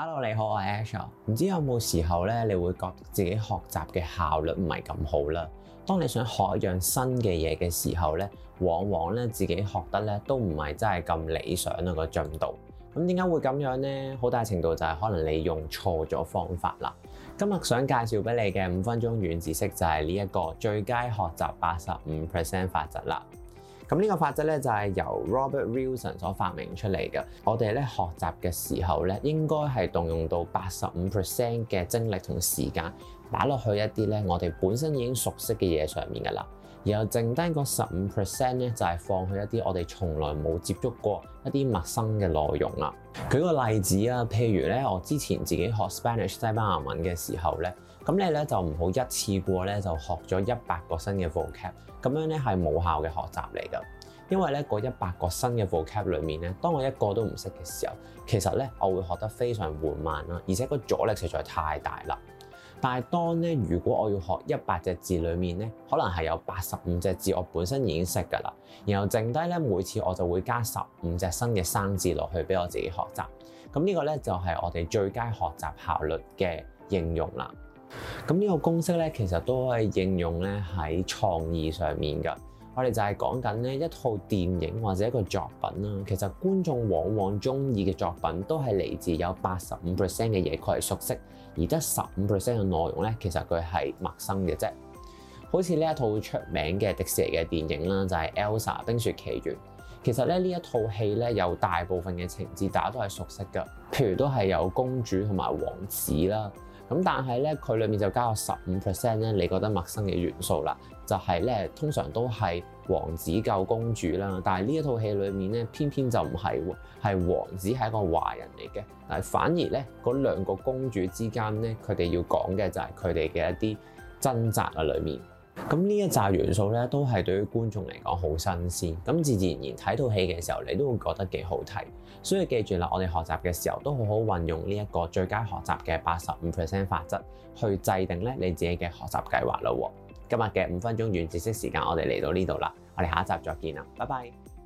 Hello，你好，我係 Asher。唔知有冇時候咧，你會覺得自己學習嘅效率唔係咁好啦。當你想學一樣新嘅嘢嘅時候咧，往往咧自己學得咧都唔係真係咁理想啊，個進度。咁點解會咁樣咧？好大程度就係可能你用錯咗方法啦。今日想介紹俾你嘅五分鐘軟知識就係呢一個最佳學習八十五 percent 法則啦。咁呢個法則咧，就係、是、由 Robert Wilson 所發明出嚟嘅。我哋咧學習嘅時候咧，應該係動用到八十五 percent 嘅精力同時間，擺落去一啲咧我哋本身已經熟悉嘅嘢上面噶啦。然後剩低個十五 percent 咧，就係、是、放去一啲我哋從來冇接觸過一啲陌生嘅內容啦。舉個例子啊，譬如咧，我之前自己學 Spanish 西班牙文嘅時候咧，咁你咧就唔好一次過咧就學咗一百個新嘅 vocab，咁樣咧係冇效嘅學習嚟㗎。因為咧嗰一百個新嘅 vocab 裡面咧，當我一個都唔識嘅時候，其實咧我會學得非常緩慢啦，而且個阻力實在太大啦。但係當咧，如果我要學一百隻字裡面咧，可能係有八十五隻字我本身已經識㗎啦，然後剩低咧每次我就會加十五隻新嘅生字落去俾我自己學習。咁呢個咧就係我哋最佳學習效率嘅應用啦。咁呢個公式咧其實都可以應用咧喺創意上面㗎。我哋就係講緊咧一套電影或者一個作品啦，其實觀眾往往中意嘅作品都係嚟自有八十五 percent 嘅嘢佢係熟悉，而得十五 percent 嘅內容咧，其實佢係陌生嘅啫。好似呢一套出名嘅迪士尼嘅電影啦，就係《Elsa 冰雪奇緣》，其實咧呢一套戲咧有大部分嘅情節大家都係熟悉噶，譬如都係有公主同埋王子啦。咁但係咧，佢裏面就加咗十五 percent 咧，你覺得陌生嘅元素啦，就係咧，通常都係王子救公主啦，但係呢一套戲裏面咧，偏偏就唔係喎，係王子係一個壞人嚟嘅，嗱，反而咧，嗰兩個公主之間咧，佢哋要講嘅就係佢哋嘅一啲掙扎嘅裏面。咁呢一扎元素咧，都係對於觀眾嚟講好新鮮。咁自自然然睇套戲嘅時候，你都會覺得幾好睇。所以記住啦，我哋學習嘅時候都好好運用呢一個最佳學習嘅八十五 percent 法則，去制定咧你自己嘅學習計劃啦。今日嘅五分鐘軟知識時間，我哋嚟到呢度啦，我哋下一集再見啦，拜拜。